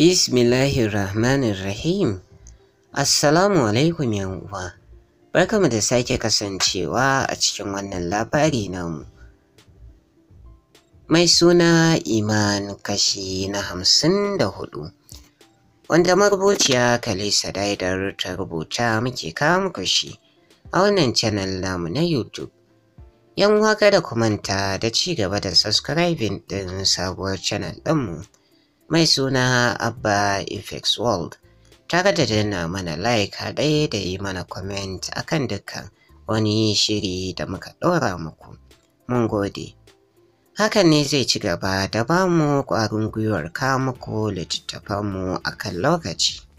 Bismillahir Rahmanir Rahim. Assalamu alaikum 'yan uwa. Barkamu da sake kasancewa a cikin wannan labari namu. Mai suna Iman kashi na hamsin da hudu. Wanda marubuciya Kalisa Daidar ta rubuta muke kawo muku shi a wannan channel namu na YouTube. Yan uwa kada ku manta da ci gaba da subscribing ɗin sabuwar channel ɗinmu. mu. mai suna Abba Effects World. Tare da na mana like haɗe da yi mana comment akan dukkan wani shiri da muka ɗora muku. Mun gode. Hakan ne zai ci gaba da mu ƙwarin gwiwar kawo muku littattafanmu akan lokaci.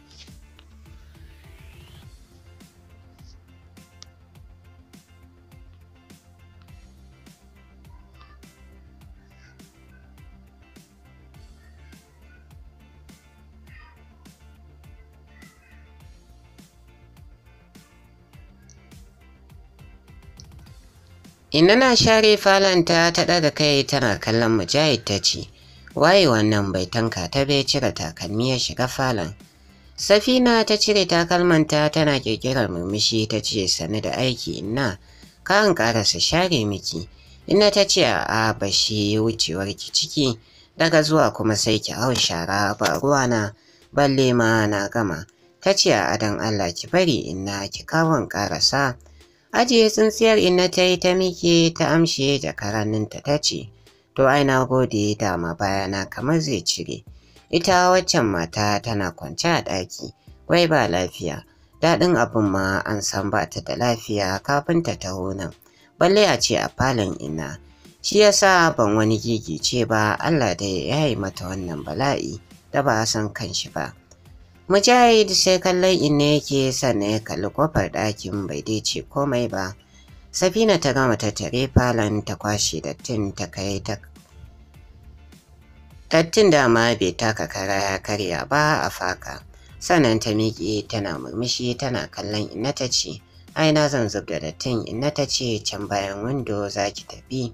Ina na share falanta ta ɗaga kai tana kallon Mujahid ta ce, Waye wannan bai tanka ta bai cire takalmi ya shiga falon. Safina ta cire takalmanta tana ƙirƙirar murmushi ta ce sani da aiki inna kan ƙarasa share miki. Ina ta ce a bashi wucewar ki ciki daga zuwa kuma sai ki hau shara ba ruwana balle ma na gama. Ta ce a dan Allah ki bari ina, ki kawon ƙarasa. Ajiye tsintsiyar ina ta yi ta miƙe ta amshe jakaraninta ta ce, To ai na gode dama bayana kamar zai cire. Ita waccan mata tana kwance a ɗaki, wai ba lafiya. Daɗin abin ma an san ba ta da lafiya kafin ta taho nan. Balle a ce a falon ina. Shi yasa ban wani gigice ba Allah dai ya yi mata wannan bala'i da ba a san shi ba. Mujahid sai kallon inna yake sannan ya kalli kofar ɗakin bai dai ce komai ba. Safina ta gama tattare falon ta kwashe dattin ta kai ta Dattin dama bai taka kara ya karya ba a faka. Sannan ta miƙe tana murmushi tana kallon inna ta ce, Ai na zan zub da dattin inna ta ce can bayan windo za ki tafi.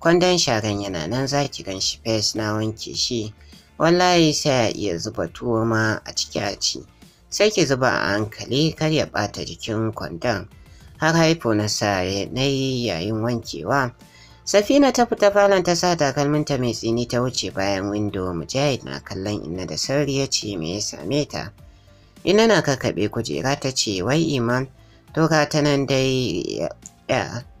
Kwandon sharan yana nan za ki gan shi fes na wanke shi. wallahi sai ya iya zuba tuwo ma a ciki a ci sai ki zuba a hankali kar ya ɓata jikin kwandon har haifo na sare na yi yayin wankewa safina ta fita falon ta sa takalminta mai tsini ta wuce bayan windo mujahid na kallon inna da sauri ya ce me ya same ta Ina na kakaɓe kujera ta ce wai iman to ka ta nan dai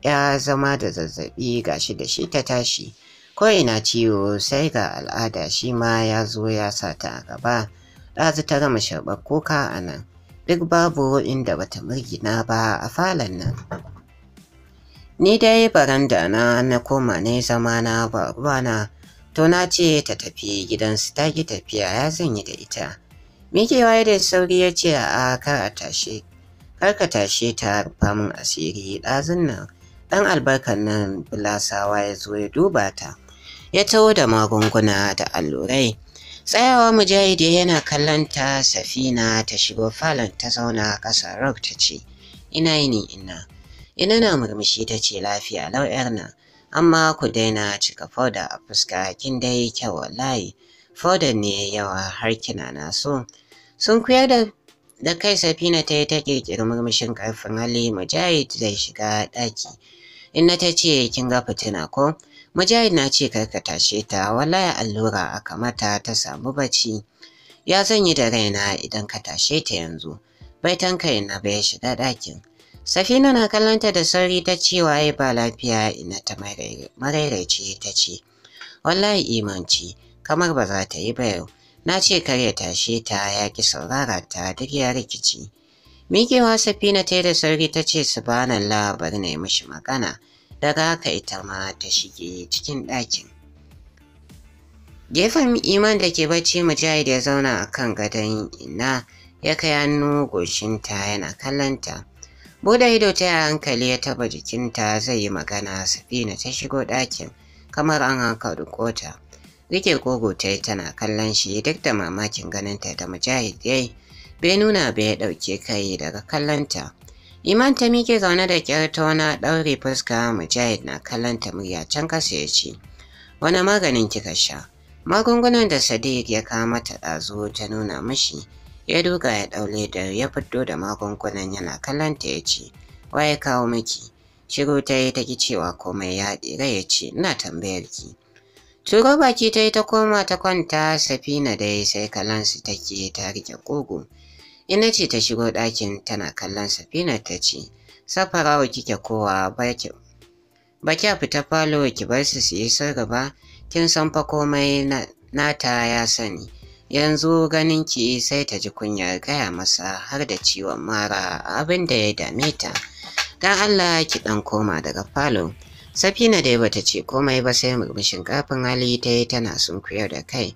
ya zama da zazzaɓi gashi da shi ta tashi ko'ina ciwo sai ga al'ada shi ma ya zo ya sa ta a gaba ɗazu ta gama sharɓar kuka a nan duk babu inda bata murgina ba a falon nan ni dai baranda na na koma ne zama na ba to na ce ta tafi gidansu ta ki tafiya ya zan yi da ita mikewa da sauri ya ce a kar a tashe kar ka tashe ta rufa min asiri ɗazun nan ɗan albarkar nan bulasawa ya zo ya duba ta ya taho da magunguna da allurai. Tsayawa mujahid yana kallon safina ta shigo falon ta zauna ƙasa rock ta ce, Ina ni ina. Ina na murmushi ta ce lafiya lau na, amma ku daina cika foda a fuska kin dai kyau layi. Fodan ne yawa har kina na so. Sun kuyar da kai safina ta yi ta ƙirƙiri murmushin ƙarfin hali mujahid zai shiga ɗaki. Inna ta ce kin ga fitina ko? Mujahid na ce kar ka tashe ta wallahi allura aka mata ta samu bacci. Ya yi da raina idan ka tashe ta yanzu. Bai tankai na bai shiga ɗakin. Safina na kallonta da sauri ta ce waye ba lafiya ina ta maraice ta ce. Wallahi imanci kamar ba za ta yi ba yau. Na ce kar ya tashe ta ya ki saurara ta duk ya rikici. Mikewa Safina ta yi da sauri ta ce subhanallah bari na yi mishi magana. daga haka ita ma ta shige cikin ɗakin. Gefen iman da ke bacci mujahid ya zauna a kan gadon ina ya kai hannu goshinta yana kallonta. Buɗe ido ta yi hankali ya taba jikinta zai yi magana safina ta shigo ɗakin kamar an haka rikota. Rike kogo ta yi tana kallon shi duk da mamakin ganinta da mujahid ya yi bai nuna bai ɗauke kai daga kallonta. Iman ta mike zaune da ƙyar ta wani ɗaure fuska Mujahid na kallon ta murya can kasa ya ce, Wani maganin kika sha? Magungunan da Sadiq ya kawo mata ɗazu ta nuna mashi, ya duga ya ɗaule da ya fito da magungunan yana kallon ta ya ce, Wa ya kawo miki? Shiru ta yi ta ki cewa komai ya ɗira ya ce, Ina tambayar ki. Turo baki ta yi ta koma ta kwanta safina dai sai kalansu take ta riƙe ƙugu. Ina ce ta shigo ɗakin tana kallon safina ta ce, Safarawa kike kowa ba kya fita falo ki bar su su yi sarrafa kin san fa komai nata ya sani. Yanzu ganin ki sai ta ji kunyar gaya masa har da ciwon mara abin da ya dame ta. Dan Allah ki ɗan koma daga falo. Safina dai bata ce komai ba sai murmushin kafin hali ta yi tana sunkuyar da kai.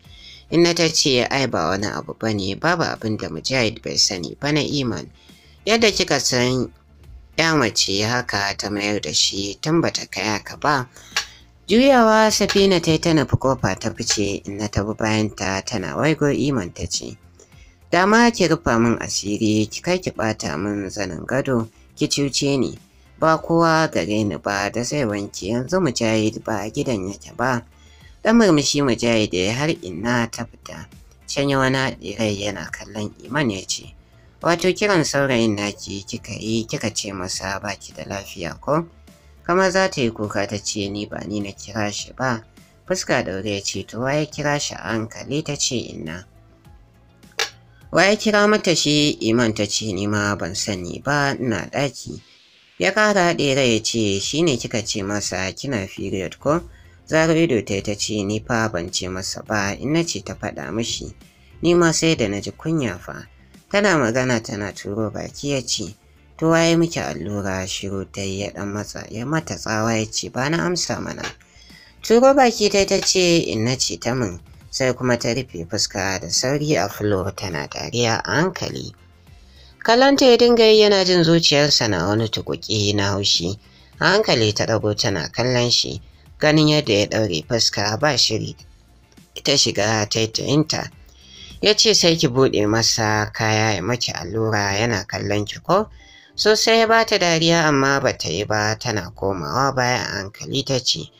Inna ta ce ai ba wani abu ba ne babu abin da Mujahid bai sani ba na iman. Yadda kika san ya mace haka ta mayar da shi tun bata kaya ka ba. Juyawa Safina ta yi ta nufi kofa ta fice inna ta bi bayanta tana waigo iman ta ce. Dama ki rufa min asiri ki kai ki bata min zanin gado ki cuce ni. Ba kowa gare ni ba da zai wanke yanzu Mujahid ba gidan yake ba. Dan murmushi mujahid ya har ina ta fita. Can yi wani haɗe rai yana kallon iman ya ce, Wato kiran saurayin naki kika yi kika ce masa baki da lafiya ko? Kamar za ta yi kuka ta ce ni ba ni na kira shi ba. Fuska daure ya ce to ya kira shi a hankali ta ce Wa ya kira mata shi iman ta ce ni ma ban sani ba ina ɗaki. Ya ƙara haɗe rai ya ce shi ne kika ce masa kina period ko? Zaro ido ta ta ce ni fa ban ce masa ba in na ce ta faɗa mishi. Ni ma sai da na ji kunya fa. Tana magana tana turo baki ya ce to waye miki allura shiru ta yi ya dan matsa ya mata tsawa ya ce ba na amsa mana. Turo baki ta ta ce in na ce ta min sai kuma ta rufe fuska da sauri a fulo tana dariya a hankali. Kalanta ya dinga yi yana jin zuciyarsa na wani tukuki na haushi. A hankali ta ɗago tana kallon shi. ganin yadda ya ɗaure fuska ba shiri ta shiga taitayinta ya ce sai ki buɗe masa kaya ya maki allura yana kallon ki ko sosai ya bata dariya amma bata yi ba tana komawa baya a hankali ta ce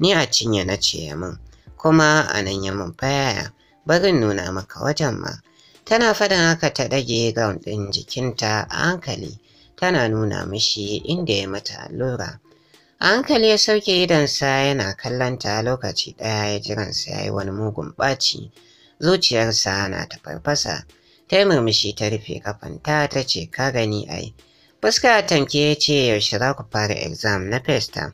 ni a cinye na ce ya min kuma a nan ya min fayaya barin nuna maka wajen ma tana faɗin haka ta ɗage gown ɗin jikinta a hankali tana nuna mishi inda ya mata allura A hankali ya sauke idonsa yana kallonta lokaci ɗaya ya jiransa ya yi wani mugun ɓaci, zuciyarsa na ta farfasa, ta yi murmushi ta rufe kafanta ta ce ka gani ai. Fuska tamke ya ce yaushe za ku fara exam na festa.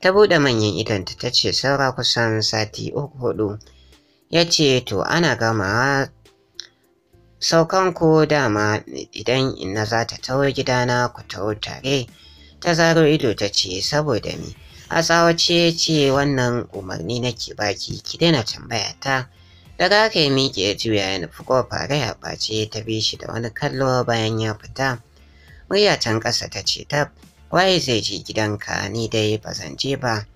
Ta buɗe manyan idonta ta ce saura kusan sati uku hudu. Ya ce to ana gamawa saukan ku dama idan ina za ta tawo gidana ku tawo tare ta zaro ido ta ce saboda ni. a tsawace ce wannan umarni nake baki ki daina tambaya ta daga aka yi miƙe juya ya nufi kofa rai a ɓace ta bi shi da wani kallo bayan ya fita murya can ƙasa ta ce tab waye zai je gidanka ni dai ba zan je ba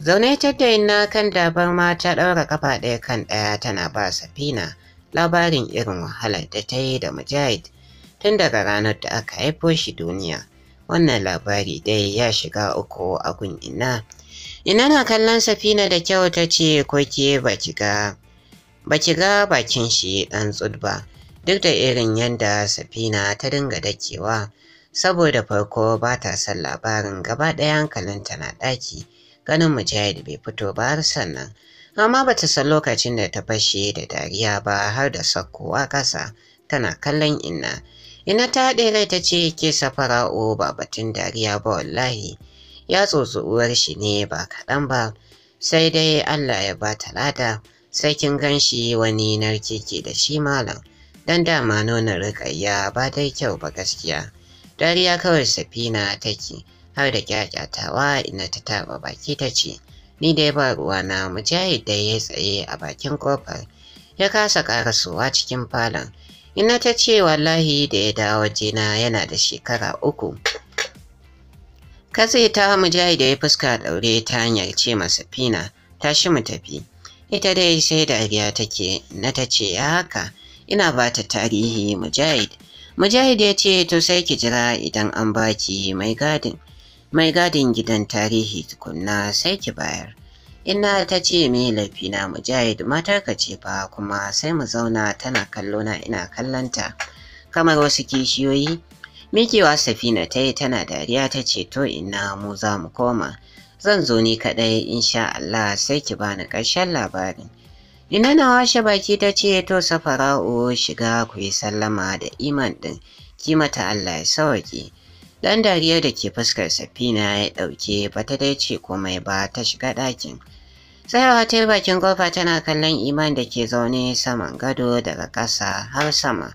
zaune ta daina kan dabar ma ta ɗaura kafa ɗaya kan ɗaya tana ba safina labarin irin wahalar da ta yi da mujahid tun daga ranar da aka haifo shi duniya wannan labari dai ya shiga uku a gun ina ina na kallon safina da kyau ta ce ko ba ki ga bakin shi ɗan tsud ba duk da irin yadda safina ta dinga dakewa saboda farko ba ta son labarin gaba ɗaya hankalinta na ɗaki ganin mujahid bai fito ba har sannan amma ba ta san lokacin da ta fashe da dariya ba har da sakkowa ƙasa tana kallon ina. Ina ta haɗe rai ta ce ke o ba batun dariya ba wallahi ya tsotsi uwar shi ne ba kaɗan ba sai dai Allah ya ba ta lada sai kin gan shi wani narke ke da shi malam dan dama nuna rikayya ba dai kyau ba gaskiya. Dariya kawai safina take har da kyakyatawa ina ta taba baki ta ce ni dai ba ruwa ruwana mujahid da ya tsaye a bakin kofar ya kasa karasuwa cikin falon Ina ta ce wallahi da ya dawo jina yana da shekara uku. Katse ta da ya fuska daure ta hanyar ce masa fina tashi mu tafi. Ita dai sai dariya take na ta ce ya haka ina ba ta tarihi mujahid. Mujahid ya ce to sai ki jira idan an baki mai gadin mai gadin gidan tarihi tukunna sai ki bayar. Inna ta ce me laifina Mujahid matarka ce fa kuma sai mu zauna tana kallo na ina kallanta. Kamar wasu kishiyoyi, mikewa Safina ta yi tana dariya ta ce to inna mu za mu koma. Zan zo ni kaɗai insha Allah sai ki bani ƙarshen labarin. Ina na washe baki ta ce to safara'u shiga ku yi sallama da iman din. ki mata Allah ya sauke. Dan dariya da ke fuskar Safina ya ɗauke ba ta dai ce komai ba ta shiga ɗakin. Tsayawa ta bakin kofa tana kallon Iman da ke zaune saman gado daga ƙasa har sama.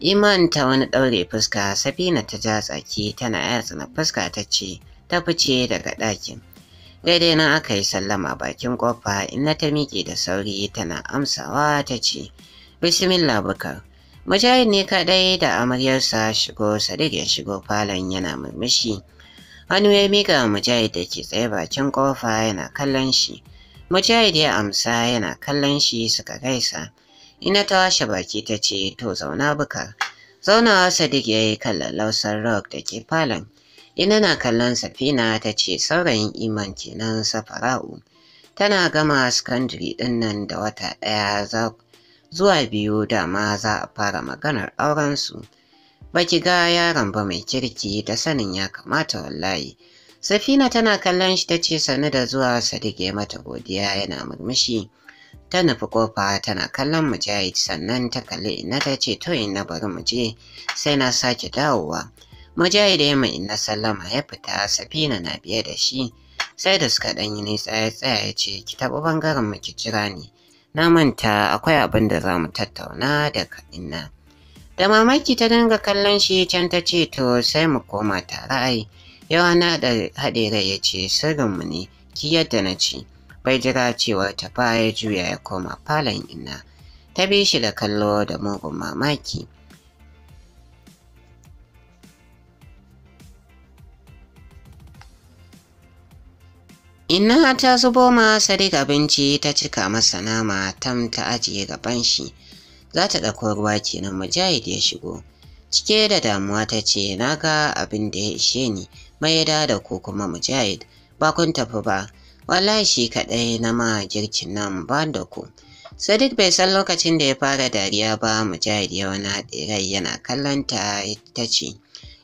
Iman ta wani ɗaure fuska Safina ta ja tsaki tana yatsa fuska ta ce ta fice daga ɗakin. Daidai nan aka yi sallama bakin kofa inna ta miƙe da sauri tana amsawa ta ce Bismillah bukar. Mujahid ne kaɗai da amaryarsa shigo Sadiq ya shigo falon yana murmushi. Hannu ya miƙa Mujahid da ke tsaye bakin kofa yana kallon shi. Mujahid ya amsa yana kallon shi suka gaisa. Ina ta washe baki ta ce to zauna buka. Zaunawa Sadiq ya yi kallon lausar rock da ke falon. Ina na kallon safina ta ce saurayin iman kenan safara'u. Tana gama sakandare ɗin nan da wata ɗaya zuwa biyu dama za a fara maganar aurensu. Baki ga yaron ba mai kirki da sanin ya kamata wallahi. Safina tana kallon shi tace ce da zuwa Sadiq ya mata godiya yana murmushi. Ta nufi kofa tana kallon Mujahid sannan ta kalli ina ta ce to ina bari mu je sai na sake dawowa. Mujahid ya mai ina sallama ya fita Safina na biye da shi sai da suka ɗan yi nisa tsaye tsaya ya ce ki taɓa bangaren mu ki jira ni. Na manta akwai abin da za mu tattauna da ina. Da mamaki ta dinga kallon shi can ta ce to sai mu koma tare ai. Yawa na da haɗe rai ya ce sirrinmu ne ki yadda na ci. Bai jira cewa ta ya juya ya koma falon ina. Ta bi shi da kallo da mugun mamaki. Ina ta zubo masa ga abinci ta cika masa nama tam ta ajiye gaban shi. Za ta ɗauko ruwa kenan mujahid ya shigo. Cike da damuwa ta ce na ga abin da ya ishe ni maida da da ko kuma mujahid ba kun tafi ba wallahi shi kaɗai na ma girkin nan ba da ku sadiq bai san lokacin da ya fara dariya ba mujahid ya wani rai yana kallon ta ta ce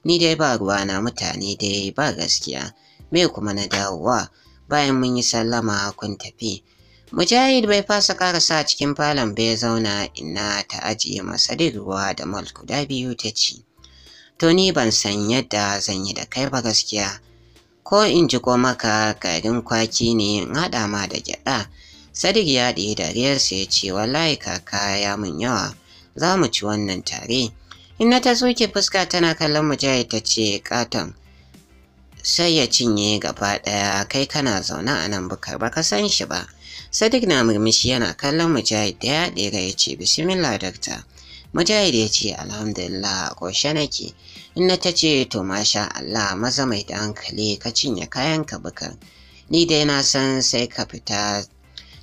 ni dai ba ruwa na mutane dai ba gaskiya me kuma na dawowa bayan mun yi sallama kun tafi Mujahid bai fasa karasa cikin falon bai zauna ina ta ajiye masa ruwa da malt guda biyu ta ci. to ni ban san yadda zan yi da kai ba gaskiya ko in ji maka garin kwaki ne in haɗa ma da gyada. sadiq ya ɗi dariyarsa ya ce wallahi kaka ya mun yawa za mu ci wannan tare inna ta soke fuska tana kallon mujahid ta ce katon sai ya cinye gaba ɗaya kai kana zaune a nan bukar ka san shi ba sadiq na murmushi yana kallon mujahid da ya ɗera ya ce bismillah doctor Mujahid ya ce alhamdulillah a ƙoshe nake. Inna ta ce to masha Allah maza mai da hankali ka cinye kayan ka bukan. Ni dai na san sai ka fita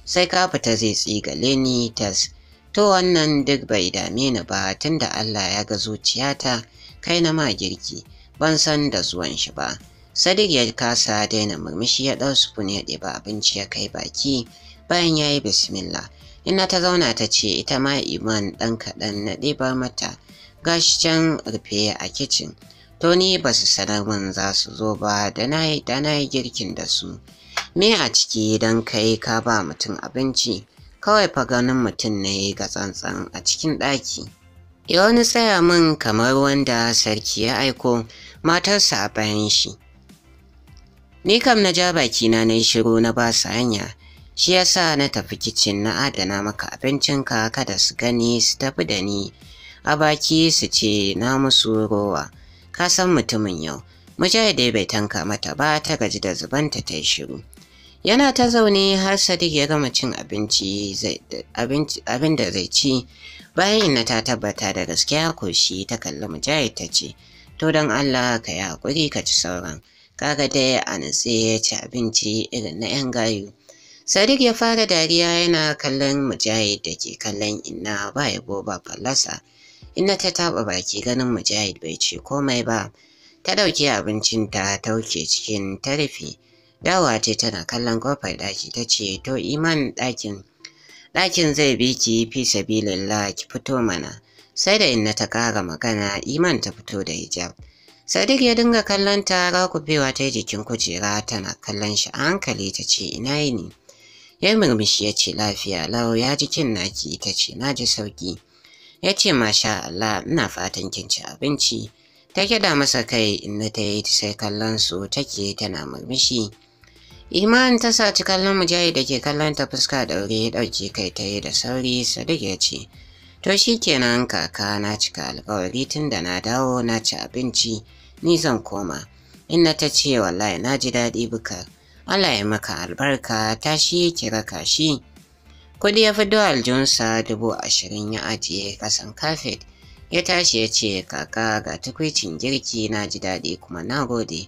sai ka fita zai tsigale ni tas. To wannan duk bai dame ni ba tunda Allah ya ga zuciyata kai na ma girki ban san da zuwan shi ba. Sadiq ya kasa daina murmushi ya ɗau sufun ya ɗeba abinci ya kai baki bayan ya yi bismillah Ina ta zauna ta ce ita ma Iman ɗan kaɗan na ɗiba mata gashi can rufe a kicin. To ni ba su sanar min za su zo ba da na yi girkin da su. Me a ciki don kai ka ba mutum abinci kawai fa ganin mutum ne ga tsantsan a cikin ɗaki. Ya wani tsaya min kamar wanda sarki ya aiko matarsa a bayan shi. Ni kam na ja bakina na yi shiru na ba su hanya shi yasa na tafi kicin na adana maka abincinka kada su gani su tafi da ni a baki su ce na musu rowa ka san mutumin yau ya bai tanka mata ba ta gaji da zubanta ta yi shiru yana ta zaune har sadiq ya gama cin abinci abin da zai ci bayan na ta tabbata da gaskiya ko shi ta kalli mujahid ta ce to don allah ka yi haƙuri ka ci sauran kaga dai a nutse ya ci abinci irin na 'yan gayu Sadiq ya fara dariya yana kallon Mujahid da ke kallon Inna ba ya bo ba fallasa. Inna ta taɓa baki ganin Mujahid bai ce komai ba. Ta ɗauki abincin ta tauke cikin tarifi. Dawa ce tana kallon kofar ɗaki ta ce to iman ɗakin ɗakin zai bi ki fi sabilillah ki fito mana. Sai da Inna ta ƙara magana iman ta fito da hijab. Sadiq ya dinga kallon ta rakufewa ta jikin kujera tana kallon shi a hankali ta ce ina yini. ya murmushi ya ce lafiya lau ya ji kin naki ita ce na ji sauki ya ce masha Allah ina fatan kin ci abinci ta kida masa kai inda ta yi ta sai kallon su take tana murmushi Iman ta saci kallon mujahid da ke kallon ta fuska daure ya ɗauki kai ta yi da sauri Sadiq ya ce, To shi kenan kaka na cika alkawari tun da na dawo na ci abinci ni zan koma. Inna ta ce wallahi na ji daɗi buka Allah ya maka albarka tashi ke kira kashi. Kudi ya fito aljihunsa dubu ashirin ya ajiye kasan kafet. Ya tashi ya ce kaka ga tukwicin girki na ji daɗi kuma na gode.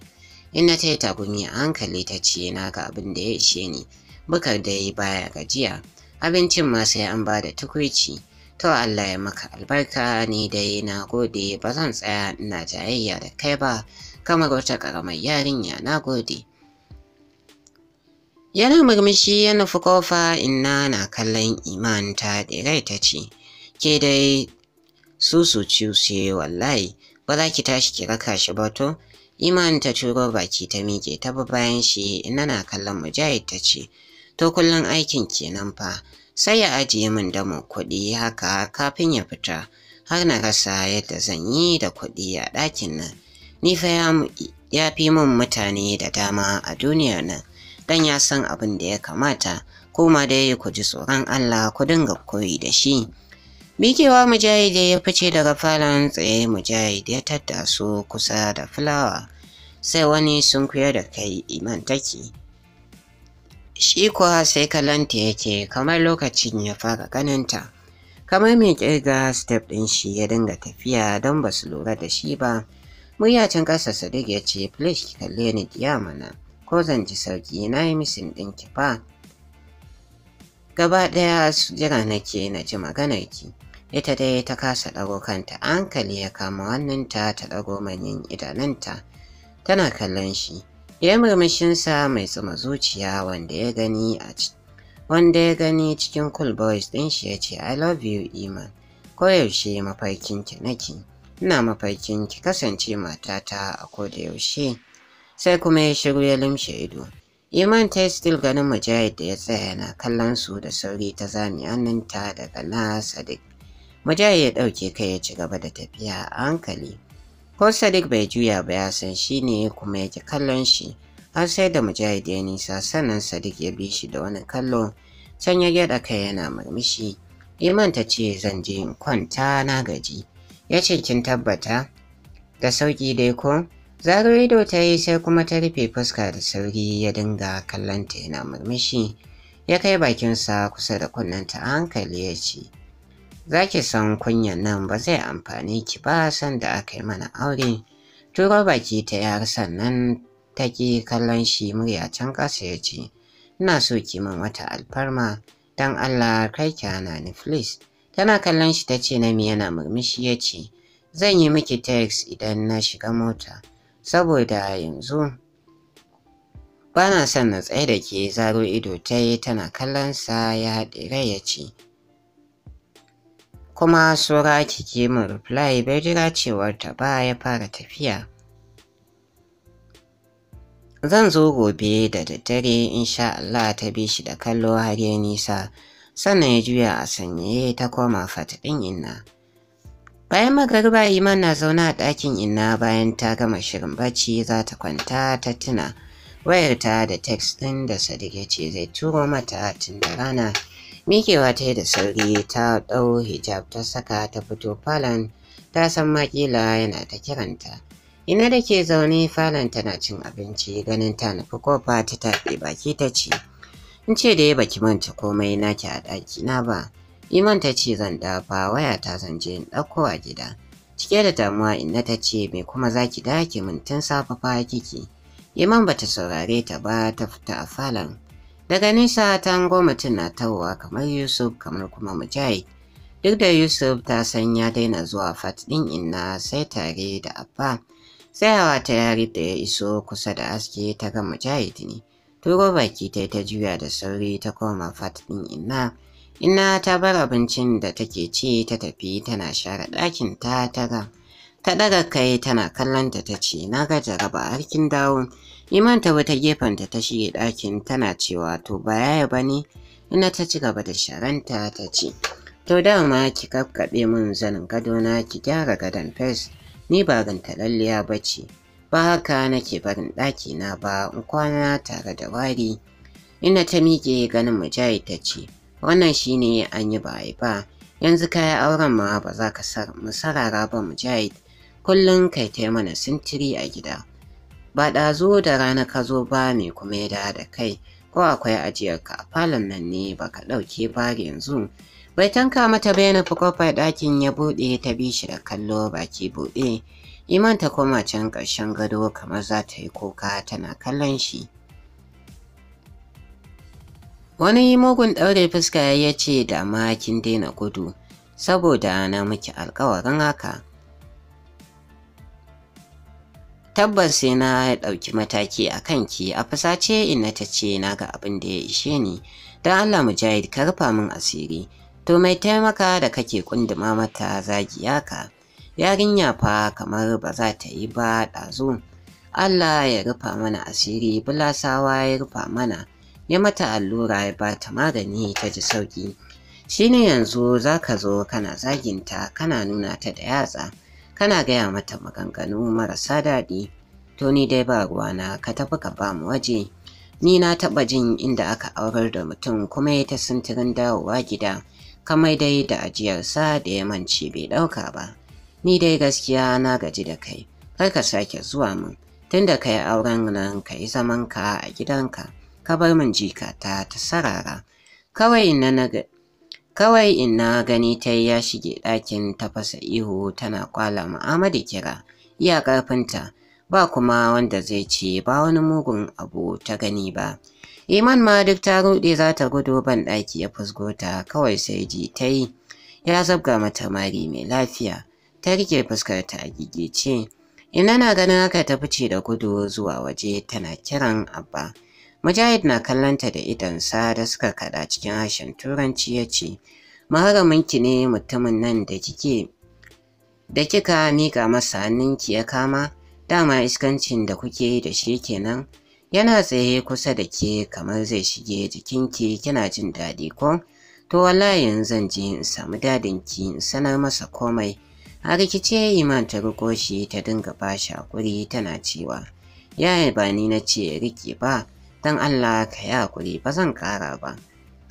Ina ta yi tagumi a hankali ta ce na ga abin da ya ishe ni. Bukar da yi baya gajiya. Abincin ma sai an ba da tukwici. To Allah ya maka albarka ni dai na gode ba zan tsaya ina jayayya da kai ba kamar wata ƙaramar yarinya na gode. Yana murmushi ya nufi kofa inna na kallon iman ta ɗirai ta ce, Ke dai susu ciwuce wallahi ba za ki tashi ki raka shi ba to? Iman ta turo baki ta miƙe ta ba bayan shi ina na kallon mujahid ta ce, To kullum aikin kenan fa sai ya ajiye min mu kuɗi haka kafin ya fita har na rasa yadda zan yi da kuɗi a ɗakin nan. Ni fa ya fi min mutane da dama a duniya nan. dan ya san abin da ya kamata kuma dai ku ji tsoron Allah ku dinga koyi da shi. Bikewa mujahide ya fice daga falon tsaye mujahid ya tattaso kusa da fulawa sai wani sun kuya da kai iman take. Shi kuwa sai kalanta yake kamar lokacin ya fara ganinta. Kamar mai ƙirga step ɗin shi ya dinga tafiya don ba su lura da shi ba. Muryacin ƙasa Sadiq ya ce, Please ki kalle ni diya mana. ko zan ji sauki na yi misin ɗinki fa. Gaba ɗaya jira nake na ji ki. Ita dai ta kasa ɗago kanta hankali ya kama wannan ta ta ɗago manyan idanunta. Tana kallon shi. Ya murmushinsa mai tsuma zuciya wanda ya gani a wanda ya gani cikin cool boys ɗin shi ya ce I love you Iman. Koyaushe mafarkinki nake. Ina mafarkin ki kasance matata a koda yaushe. sai kuma ya shiru ya lumshe ido. Iman ta ganin Mujahid da ya tsaya yana kallon su da sauri ta zami hannunta daga na Sadiq. Mujahid ya ɗauke kai ya ci gaba da tafiya a hankali. Ko Sadiq bai juya ba ya san shi ne kuma ya ki kallon shi har sai da Mujahid ya nisa sannan Sadiq ya bi shi da wani kallo can ya gyaɗa kai yana murmushi. Iman ta ce zan je in kwanta na gaji. Ya ce kin tabbata da sauki dai ko? Zaro ido ta yi sai kuma ta rufe fuska da sauri ya dinga kallonta yana murmushi ya kai bakinsa kusa da kunnenta a hankali ya ce, Za ki san kunyan nan ba zai amfani ki ba sanda aka yi mana aure. Turo baki ta yar sannan ta ki kallon shi murya can ƙasa ya ce, Ina so ki min wata alfarma don Allah kai ki hana ni please. Tana kallon shi ta ce na yana murmushi ya ce, Zan yi miki text idan na shiga mota. saboda yanzu Bana son na tsaye da ke zaro ido ta yi tana kallonsa ya haɗe ya ce kuma sora kike min reply bai jira cewar ta ba ya fara tafiya zan zo gobe da daddare insha Allah ta bi shi da kallo har ya nisa sannan ya juya a sanye ta koma fata ɗin inna Bayan magariba Iman na zaune a ɗakin ina bayan ta gama shirin bacci za ta kwanta ta tuna wayarta da text ɗin da Sadiq ya ce zai turo mata tun da rana. Mikewa ta yi da sauri ta ɗau hijab ta saka ta fito falon ta san makila yana ta kiranta. Ina da ke zaune falon tana cin abinci ganin ta nufi kofa ta taɓe baki ta ce, In ce da ya baki manta komai naki a ɗakina ba. Iman ta ce zan dafa waya ta san je in a gida. Cike da damuwa inna ta ce me kuma za ki dake min tun safe fa kiki. Iman bata saurare ta ba ta fita a falon. Daga nesa ta mutum na tawowa kamar Yusuf kamar kuma Mujahid. Duk da Yusuf ta san ya daina zuwa fat ɗin inna sai tare da Abba. sai hawa ta yari da ya iso kusa da aske ta ga Mujahid ne. Turo baki ta ta juya da sauri ta koma fat ɗin inna. Ina ta bar abincin da take ci ta tafi tana share ɗakin ta ta ga. Ta ɗaga kai tana kallon ta ta ce na ga jaraba harkin dawo. Iman ta wata gefen ta shige ɗakin tana cewa to ba yaya ba ne. Inna ta ci gaba da sharanta ta ce to dama ki kakkaɓe min zanin gadona ki gyara gadon fes ni ba lalliya ba ce. Ba haka nake barin ɗakina ba in kwana tare da wari. Ina ta miƙe ganin mujahid ta ce wannan shine an yi ba ba yanzu ka yi auren ma ba za ka Musarara ba mu mujahid kullum kai ta mana sintiri a gida ba zo da rana ka zo ba mai kuma ya da kai ko akwai ajiyarka a falon nan ne ba ka ɗauke ba yanzu bai tanka mata bayan fukofar ɗakin ya buɗe ta bi shi da kallo baki buɗe iman ta koma can ƙarshen gado kamar za ta yi kuka tana kallon shi Wani mugun ɗaure fuska ya ce da ma kin daina gudu, saboda na miki alkawarin haka. Tabbas sai na ɗauki mataki a kanki a fusace ina ta ce na ga abin da ya ishe ni, don Allah mujahid ka rufa min asiri, to mai taimaka da kake kunduma mata zagiya ka, yarinya fa kamar ba za ta yi ba ɗazu. Allah ya rufa mana asiri, bulasawa ya rufa mana. ya mata allura ya ba ta magani ta ji sauki shine yanzu za ka zo kana zaginta kana nuna ta da yatsa kana gaya mata maganganu marasa daɗi to ni dai ba ruwana ka tafi ka ba mu waje ni na taɓa jin inda aka aurar da mutum kuma ya ta sintirin dawowa gida kamai dai da ajiyarsa da ya mance bai ɗauka ba ni dai gaskiya na gaji da kai kar ka sake zuwa min tunda kai auren nan ka yi zamanka a gidanka ka bar min jikata ta sarara kawai na naga kawai ina gani ta ya shige ɗakin tafasa ihu tana kwala mu'amada kira iya ƙarfinta ba kuma wanda zai ce ba wani mugun abu ta gani ba iman ma duk ta ruɗe za ta gudu ban ɗaki ya fusgo kawai sai ji ta yi ya zabga mata mari mai lafiya ta rike fuskar ta a gigice ina na ganin haka ta fice da gudu zuwa waje tana kiran abba Mujahid na kallonta da sa da suka kada cikin harshen Turanci ya ce, Maharaminki ne mutumin nan da kike da kika miƙa masa hannunki ya kama, dama iskancin da kuke da shi kenan, yana tsaye kusa da ke kamar zai shige jikinki kina jin daɗi ko? To wallahi yanzu zan je in samu dadinki in sanar masa komai. A rikice Iman ta riko shi ta dinga bashi hakuri tana cewa, Yaya ba ni na ce rike ba, don Allah ka yi hakuri ba zan ƙara ba.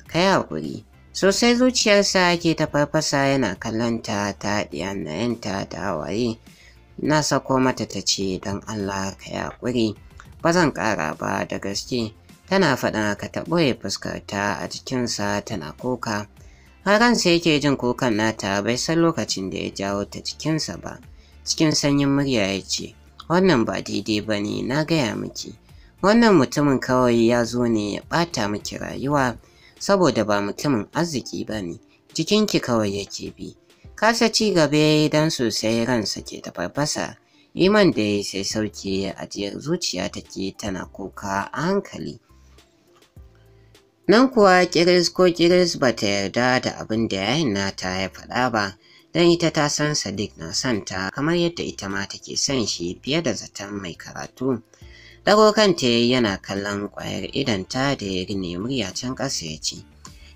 Ka yi hakuri. Sosai zuciyarsa ke ta farfasa yana kallon ta ta ɗiyannayinta da hawaye. Na sako mata ta ce don Allah ka yi hakuri. Ba zan ƙara ba da gaske. Tana faɗa ka ta ɓoye fuskarta a jikinsa tana kuka. Haran sai yake jin kukan nata bai san lokacin da ya jawo ta cikinsa ba. Cikin sanyin murya ya ce, Wannan ba daidai ba ne na gaya miki. Wannan mutumin kawai ya zo ne ya ɓata miki rayuwa saboda ba mutumin arziki ba ne, jikinki kawai yake bi. Kasa ci gaba ya yi don sosai ransa ke da farfasa, iman da ya sai sauki ajiyar zuciya take tana kuka a hankali. Nan kuwa kiris ko kiris ba ta yarda da abin da yayin nata ya faɗa ba, don ita ta san Sadiq na santa kamar yadda ita ma take son shi fiye da zaton mai karatu. Dago kanta yana kallon ƙwayar idanta da ya rine murya can ƙasa ya ce,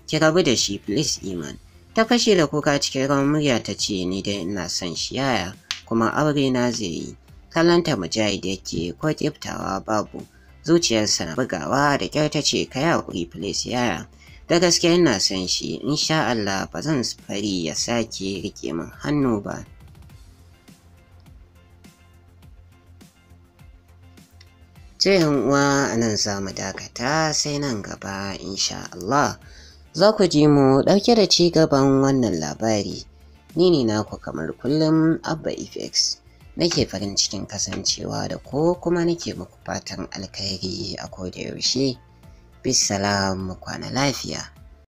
Ki rabu da shi please Iman. Ta fashe da kuka cikin ran murya ta ce ni dai ina son shi yaya kuma aure na zai yi. Kallonta mujahid yake ko ƙiftawa babu. Zuciyarsa na bugawa da kyar ta ce ka yaƙuri please yaya. Da gaske ina son shi, insha Allah ba zan fari ya sake rike min hannu ba. To uwa nan za mu dakata sai nan gaba insha Allah za ku ji mu ɗauke da ci gaban wannan labari. Ni ne naku kamar kullum Abba FX. Nake farin cikin kasancewa da ko kuma nake muku fatan alkhairi a koda yaushe. bisalamu kwana lafiya.